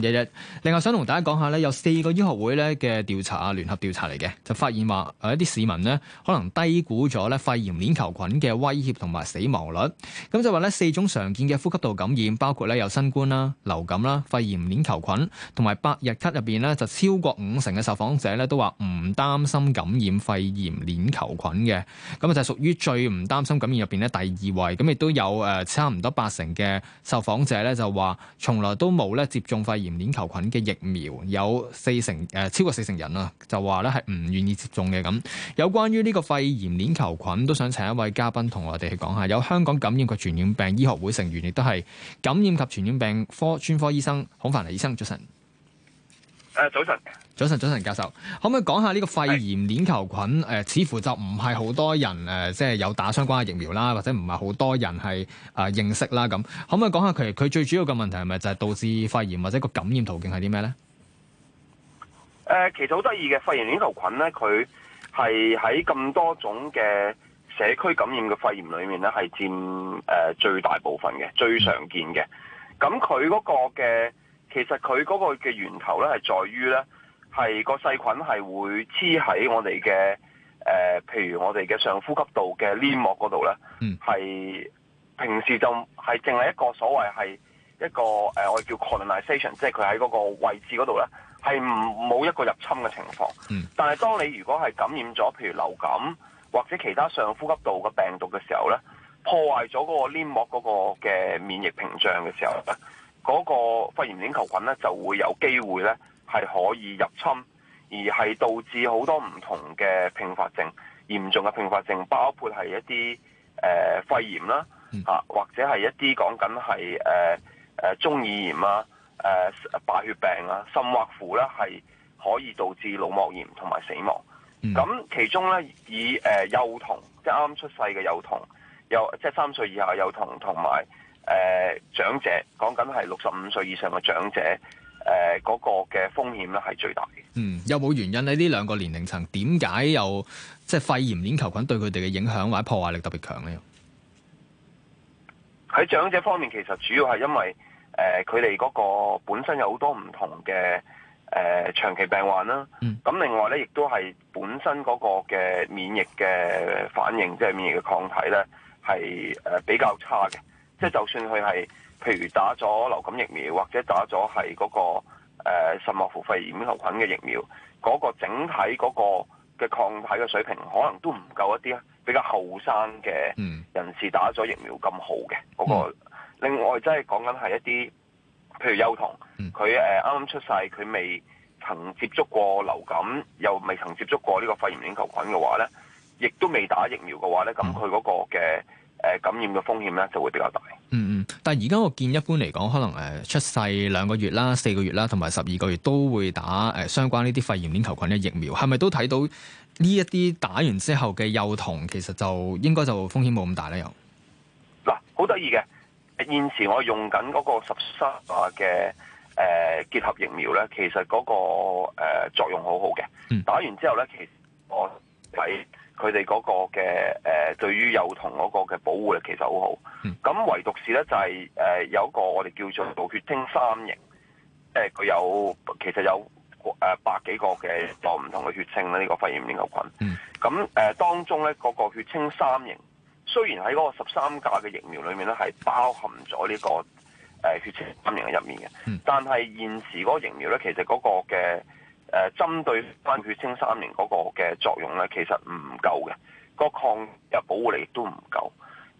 日日，另外想同大家講下咧，有四個醫學會咧嘅調查啊，聯合調查嚟嘅，就發現話誒一啲市民咧可能低估咗咧肺炎鏈球菌嘅威脅同埋死亡率。咁就話咧四種常見嘅呼吸道感染，包括咧有新冠啦、流感啦、肺炎鏈球菌同埋百日咳入邊咧，就超過五成嘅受訪者咧都話唔擔心感染肺炎鏈球菌嘅。咁啊就屬於最唔擔心感染入邊咧第二位。咁亦都有誒、呃、差唔多八成嘅受訪者咧就話從來都冇咧接種肺炎鏈球菌嘅疫苗，有四成誒、呃，超過四成人啊，就話咧係唔願意接種嘅咁。有關於呢個肺炎鏈球菌，都想請一位嘉賓同我哋去講下。有香港感染及傳染病醫學會成員，亦都係感染及傳染病科專科醫生孔繁毅醫生，早晨。誒，早晨，早晨，早晨，早晨，教授，可唔可以講下呢個肺炎鏈球菌？誒是、呃，似乎就唔係好多人誒、呃，即係有打相關嘅疫苗啦，或者唔係好多人係認、呃、認識啦。咁可唔可以講下佢最主要嘅問題係咪就係導致肺炎或者個感染途徑係啲咩咧？誒、呃，其實好得意嘅肺炎鏈球菌咧，佢係喺咁多種嘅社區感染嘅肺炎裏面咧，係佔誒最大部分嘅，最常見嘅。咁佢嗰個嘅。其實佢嗰個嘅源頭咧，係在於咧，係個細菌係會黐喺我哋嘅誒，譬如我哋嘅上呼吸道嘅黏膜嗰度咧，係、嗯、平時就係淨係一個所謂係一個誒，我哋叫 colonization，即係佢喺嗰個位置嗰度咧，係冇一個入侵嘅情況。嗯、但係當你如果係感染咗譬如流感或者其他上呼吸道嘅病毒嘅時候咧，破壞咗嗰個黏膜嗰個嘅免疫屏障嘅時候咧。嗰個肺炎鏈球菌咧就會有機會咧係可以入侵，而係導致好多唔同嘅併發症，嚴重嘅併發症包括係一啲誒肺炎啦，嚇、啊、或者係一啲講緊係誒誒中耳炎啊、誒、呃、白血病啊、甚或乎咧，係可以導致腦膜炎同埋死亡。咁、嗯、其中咧以誒、呃、幼童，即係啱出世嘅幼童，又即係三歲以下的幼童同埋。誒、呃、長者講緊係六十五歲以上嘅長者，誒、呃、嗰、那個嘅風險咧係最大嘅。嗯，有冇原因喺呢兩個年齡層點解有即係、就是、肺炎鏈球菌對佢哋嘅影響或者破壞力特別強呢？喺長者方面，其實主要係因為誒佢哋嗰個本身有好多唔同嘅誒、呃、長期病患啦。咁、嗯、另外咧，亦都係本身嗰個嘅免疫嘅反應，即、就、係、是、免疫嘅抗體咧，係誒比較差嘅。即係就算佢係，譬如打咗流感疫苗，或者打咗係嗰個誒細肺炎鏈球菌嘅疫苗，嗰、嗰個整體嗰個嘅抗體嘅水平，可能都唔夠一啲比較後生嘅人士打咗疫苗咁好嘅嗰個、嗯、另外，即係講緊係一啲，譬如幼童，佢誒啱啱出世，佢未曾接觸過流感，又未曾接觸過呢個肺炎鏈球菌嘅話咧，亦都未打疫苗嘅話咧，咁佢嗰個嘅。嗯誒，感染嘅風險咧就會比較大。嗯嗯，但係而家我見一般嚟講，可能誒出世兩個月啦、四個月啦，同埋十二個月都會打誒相關呢啲肺炎鏈球菌嘅疫苗。係咪都睇到呢一啲打完之後嘅幼童，其實就應該就風險冇咁大咧？又嗱，好得意嘅，現時我在用緊嗰個十三價嘅誒結合疫苗咧，其實嗰、嗰個、呃、作用好好嘅。嗯、打完之後咧，其實我睇佢哋嗰個嘅誒、呃，對於幼童嗰個嘅保護力其實好好。咁、嗯、唯獨是咧，就係、是、誒、呃、有一個我哋叫做道血清三型，誒、呃、佢有其實有誒百幾個嘅唔、嗯、同嘅血清咧，呢、這個肺炎鏈球菌。咁誒、嗯呃、當中咧嗰、那個血清三型，雖然喺嗰個十三價嘅疫苗裏面咧係包含咗呢、這個誒、呃、血清三型嘅入面嘅，嗯、但係現時嗰個疫苗咧，其實嗰個嘅。誒針對翻血清三年嗰個嘅作用咧，其實唔夠嘅，嗰個抗藥保護力都唔夠。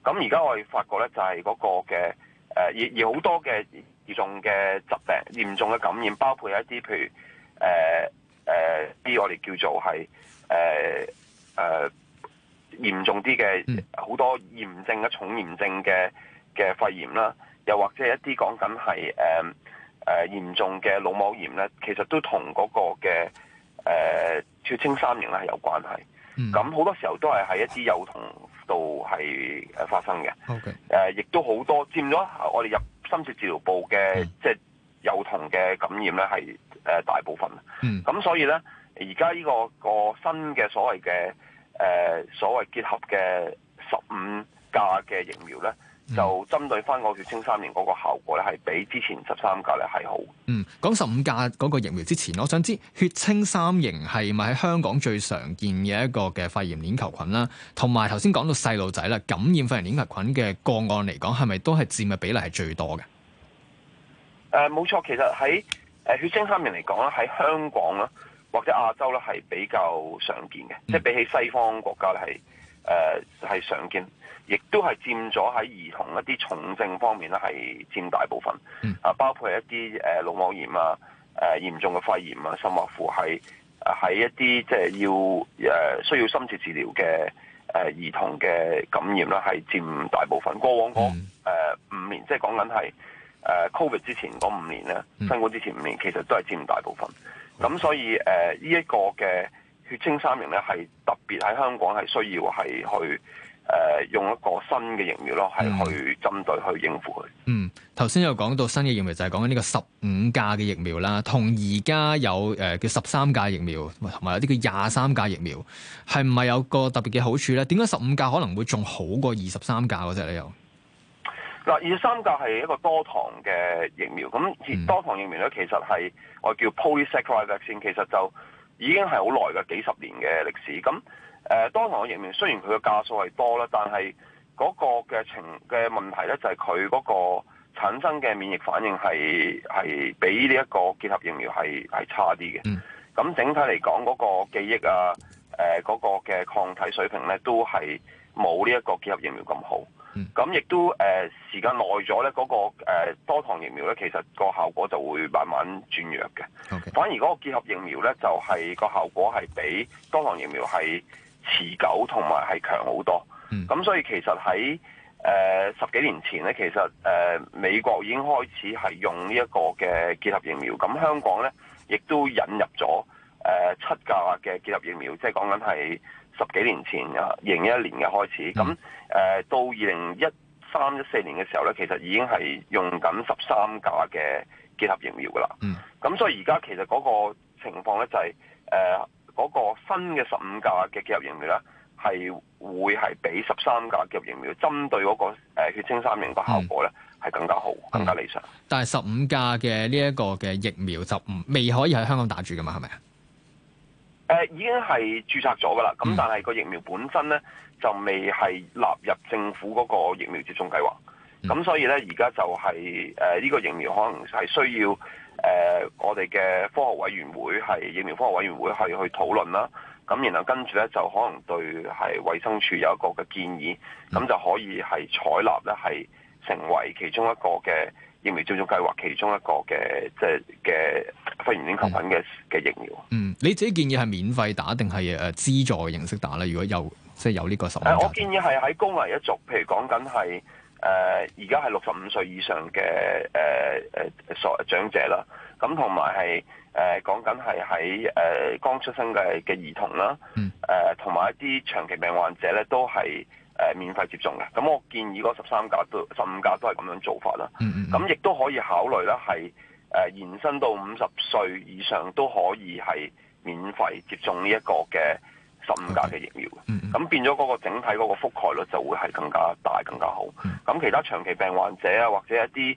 咁而家我哋發覺咧，就係嗰個嘅誒，而而好多嘅嚴重嘅疾病、嚴重嘅感染，包括一啲譬如誒誒啲我哋叫做係誒誒嚴重啲嘅好多炎症啊、重炎症嘅嘅肺炎啦，又或者一啲講緊係誒。呃誒、呃、嚴重嘅腦膜炎咧，其實都同嗰個嘅誒血清三型咧係有關係。咁好、嗯、多時候都係喺一啲幼童度係誒發生嘅。誒亦 Okay.、呃、都好多佔咗我哋入深切治療部嘅、嗯、即係幼童嘅感染咧係誒大部分。咁、嗯、所以咧而家呢現在、這個個新嘅所謂嘅誒、呃、所謂結合嘅十五價嘅疫苗咧，就針對翻個血清三型嗰個效果咧，係比之前十三價咧係好。嗯，講十五價嗰個疫苗之前，我想知血清三型係咪喺香港最常見嘅一個嘅肺炎鏈球菌啦？同埋頭先講到細路仔啦，感染肺炎鏈球菌嘅個案嚟講，係咪都係佔嘅比例係最多嘅？誒、呃，冇錯，其實喺誒血清三型嚟講咧，喺香港啦，或者亞洲咧係比較常見嘅，嗯、即係比起西方國家咧係誒係、呃、常見，亦都係佔咗喺兒童一啲重症方面咧，係佔大部分、嗯、啊，包括一啲誒腦膜炎啊、誒、呃、嚴重嘅肺炎啊，甚或乎係喺一啲即係要誒、呃、需要深切治療嘅誒、呃、兒童嘅感染啦，係佔大部分。過往嗰五、嗯呃、年，即係講緊係誒 COVID 之前嗰五年咧，嗯、新冠之前五年其實都係佔大部分。咁所以誒呢一個嘅血清三型咧係。別喺香港係需要係去誒、呃、用一個新嘅疫苗咯，係去針對去應付佢。嗯，頭先又講到新嘅疫苗就係講緊呢個十五價嘅疫苗啦，同而家有誒叫十三價疫苗，同埋有啲、呃、叫廿三價疫苗，係唔係有個特別嘅好處咧？點解十五價可能會仲好過二十三價嗰隻咧？又嗱，廿三價係一個多糖嘅疫苗，咁多糖疫苗咧其實係我叫 polysaccharide vaccine 其實就。已經係好耐嘅幾十年嘅歷史，咁誒、呃、多糖嘅疫苗雖然佢嘅價數係多啦，但係嗰個嘅情嘅問題咧就係佢嗰個產生嘅免疫反應係係比呢一個結合疫苗係係差啲嘅。咁、mm. 整體嚟講，嗰、嗰個記憶啊，誒、呃、嗰、嗰個嘅抗體水平咧都係冇呢一個結合疫苗咁好。咁亦都誒、呃、時間耐咗咧，嗰、那個、呃、多糖疫苗咧，其實個效果就會慢慢轉弱嘅。Okay. 反而嗰個結合疫苗咧，就係、是、個效果係比多糖疫苗係持久同埋係強好多。咁、嗯、所以其實喺誒、呃、十幾年前咧，其實誒、呃、美國已經開始係用呢一個嘅結合疫苗。咁香港咧，亦都引入咗誒、呃、七價嘅結合疫苗，即係講緊係。十幾年前啊，二零一一年嘅開始，咁誒到二零一三一四年嘅時候咧，其實已經係用緊十三價嘅結合疫苗噶啦。嗯。咁所以而家其實嗰個情況咧，就係誒，嗰個新嘅十五價嘅結合疫苗咧，係會係比十三價結合疫苗針對嗰個血清三型嘅效果咧係，嗯、更加好，嗯、更加理想。但係十五價嘅呢一個嘅疫苗就唔未可以喺香港打住噶嘛，係咪啊？誒已經係註冊咗㗎啦，咁但係個疫苗本身咧就未係納入政府嗰個疫苗接種計劃，咁所以咧而家就係誒呢個疫苗可能係需要誒、呃、我哋嘅科學委員會係疫苗科學委員會係去討論啦，咁然後跟住咧就可能對係衛生署有一個嘅建議，咁就可以係採納咧係成為其中一個嘅疫苗接種計劃其中一個嘅即係嘅肺炎鏈球菌嘅嘅疫苗。嗯，你自己建議係免費打定係誒資助形式打咧？如果有即係有呢個手蚊。我建議係喺高危一族，譬如講緊係誒而家係六十五歲以上嘅誒誒所長者啦。咁同埋係誒講緊係喺誒剛出生嘅嘅兒童啦。嗯。誒、呃，同埋一啲長期病患者咧，都係。誒、呃、免費接種嘅，咁我建議嗰十三價都十五價都係咁樣做法啦。咁亦都可以考慮咧，係、呃、誒延伸到五十歲以上都可以係免費接種呢一個嘅十五價嘅疫苗。咁、okay. mm hmm. 變咗嗰個整體嗰個覆蓋率就會係更加大、更加好。咁、mm hmm. 其他長期病患者啊，或者一啲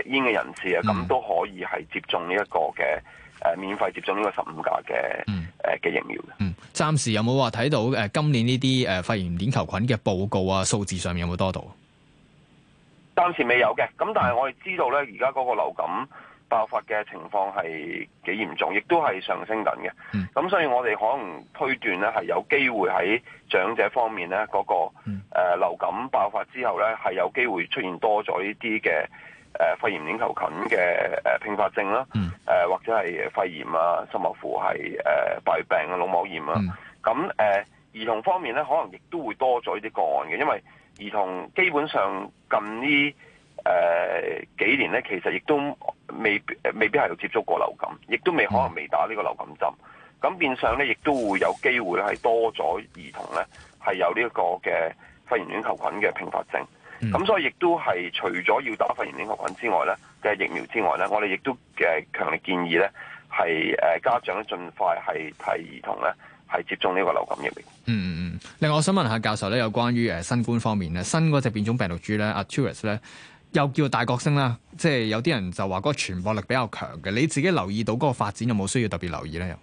誒誒食煙嘅人士啊，咁、mm hmm. 都可以係接種呢一個嘅。誒、呃、免費接種呢個十五價嘅誒嘅疫苗嘅。嗯，暫時有冇話睇到誒、呃、今年呢啲誒肺炎鏈球菌嘅報告啊，數字上面有冇多到？暫時未有嘅。咁但係我哋知道咧，而家嗰個流感爆發嘅情況係幾嚴重，亦都係上升緊嘅。咁、嗯、所以我哋可能推斷咧係有機會喺長者方面咧、嗰、嗰個、嗯呃、流感爆發之後咧係有機會出現多咗呢啲嘅。誒、呃，肺炎鏈球菌嘅誒併發症啦，誒、嗯呃、或者係肺炎啊、甚至乎係誒敗血病啊、腦膜炎啊，咁誒、嗯呃、兒童方面咧，可能亦都會多咗呢啲個案嘅，因為兒童基本上近呢誒、呃、幾年咧，其實亦都未未必係度接觸過流感，亦都未、嗯、可能未打呢個流感針，咁變相咧亦都會有機會咧係多咗兒童咧係有呢一個嘅肺炎鏈球菌嘅併發症。咁、嗯、所以亦都係除咗要打肺炎鏈球菌之外咧嘅疫苗之外咧，就是，我哋亦都誒強烈建議咧係誒家長咧盡快係替兒童咧係接種呢個流感疫苗。嗯嗯嗯。另外我想問下教授咧，有關於誒新冠方面咧，新嗰隻變種病毒株咧，Arcturus 咧，又叫大角星啦，即係有啲人就話嗰個傳播力比較強嘅，你自己留意到嗰個發展有冇需要特別留意咧？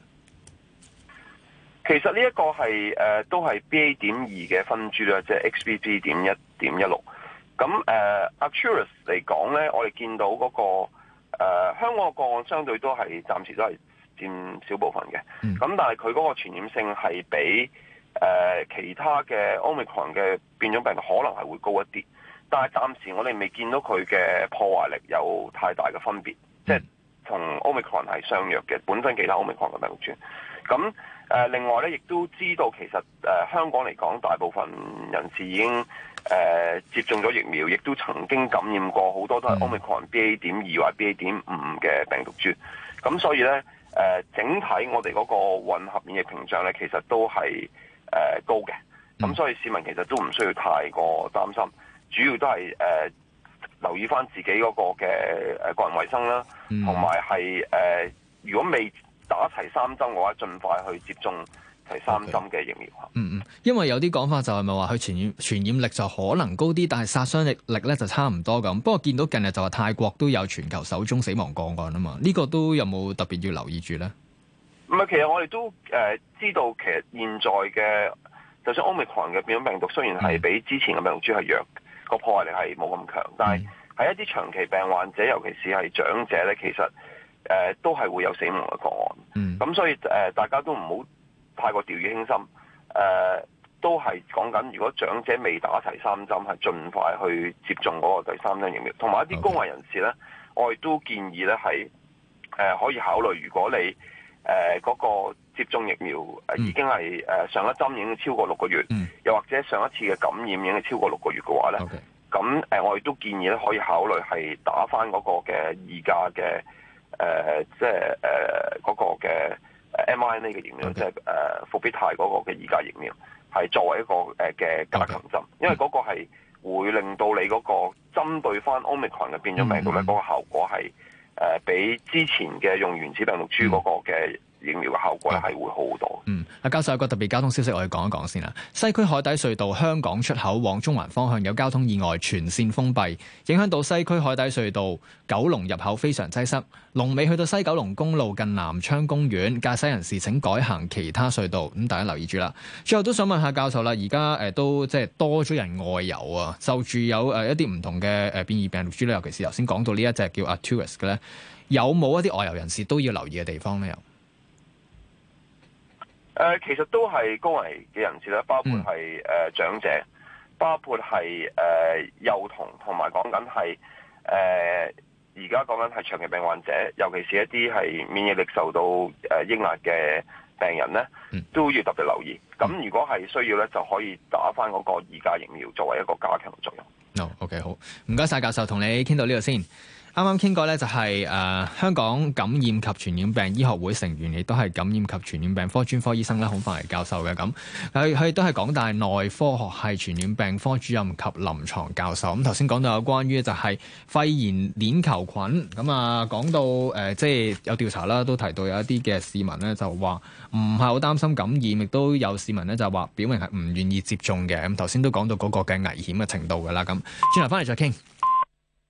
其實呢一個係誒、呃、都係 B A. 點二嘅分株啦，即係 X B B. 點一點一六。咁誒 Arcturus 嚟、呃、講咧，我哋見到嗰、那個、呃、香港個案相對都係暫時都係佔少部分嘅。咁、嗯、但係佢嗰個傳染性係比誒、呃、其他嘅 Omicron 嘅變種病毒可能係會高一啲。但係暫時我哋未見到佢嘅破壞力有太大嘅分別，即係同、嗯、Omicron 係相若嘅，本身其他 Omicron 嘅病毒傳。咁、呃、另外咧，亦都知道其實誒、呃、香港嚟講，大部分人士已經，誒、呃、接種咗疫苗，亦都曾經感染過好多都係 Omicron BA.2 或 BA.5 嘅病毒株，咁所以咧、呃、整體我哋嗰個混合免疫屏障咧，其實都係、呃、高嘅，咁所以市民其實都唔需要太過擔心，主要都係、呃、留意翻自己嗰個嘅、呃、個人衛生啦，同埋係、呃、如果未打齊三針嘅話，盡快去接種。係三針嘅疫苗啊！嗯、okay. 嗯，因為有啲講法就係咪話佢傳傳染力就可能高啲，但係殺傷力力咧就差唔多咁。不過見到近日就話泰國都有全球首宗死亡個案啊嘛，呢、這個都有冇特別要留意住咧？唔係，其實我哋都誒知道，其實現在嘅就算奧密克戎嘅變種病毒，雖然係比之前嘅病毒株係弱，個、嗯、破壞力係冇咁強，但係喺一啲長期病患者，尤其是係長者咧，其實誒都係會有死亡嘅個案。嗯，咁所以誒，大家都唔好，太過掉以輕心，呃、都係講緊，如果長者未打齊三針，係盡快去接種嗰個第三針疫苗。同埋一啲高危人士咧，我亦都建議咧係、呃、可以考慮，如果你誒嗰、呃嗰個接種疫苗、呃、已經係、呃、上一針已經超過六個月，嗯、又或者上一次嘅感染已經超過六個月嘅話咧，咁 Okay.、呃、我亦都建議咧可以考慮係打返嗰個嘅二價嘅即係誒嗰個嘅。mRNA 嘅疫苗即係復必泰嗰個嘅二價疫苗，係 Okay.、呃、作為一個誒嘅加強針，呃、Okay. 因為嗰個係會令到你嗰個針對翻奧密克戎嘅變種病毒咧，嗰、嗯、個效果係誒、呃、比之前嘅用原子病毒株嗰個嘅。嗯疫苗嘅效果係會好好多。嗯，阿教授，有個特別交通消息，我哋講一講先啦。西區海底隧道香港出口往中環方向有交通意外，全綫封閉，影響到西區海底隧道九龍入口非常擠塞。龍尾去到西九龍公路近南昌公園，駕駛人士請改行其他隧道。咁大家留意住啦。最後都想問下教授啦，而家誒都即係多咗人外遊啊，就住有誒一啲唔同嘅誒、呃、變異病毒株咧，尤其是頭先講到呢一隻叫 Arturus 嘅咧，有冇一啲外遊人士都要留意嘅地方咧？誒，其實都係高危嘅人士咧，包括係誒長者，嗯、包括係誒、呃、幼童，同埋講緊係誒而家講緊係長期病患者，尤其是一啲係免疫力受到誒抑壓嘅病人咧，都要特別留意。咁、嗯、如果係需要咧，就可以打翻嗰個二價疫苗，作為一個加強作用。哦、okay，好，唔該晒教授，同你傾到呢度先。啱啱傾過咧、就是，就係誒香港感染及傳染病醫學會成員，亦都係感染及傳染病科專科醫生咧，孔繁毅教授嘅。咁佢佢都係港大內科學系傳染病科主任及臨床教授。咁頭先講到有關於就係肺炎鏈球菌。咁啊，講到誒、呃，即係有調查啦，都提到有一啲嘅市民咧，就話唔係好擔心感染，亦都有市民咧就話表明係唔願意接種嘅。咁頭先都講到嗰個嘅危險嘅程度㗎喇。咁轉頭翻嚟再傾。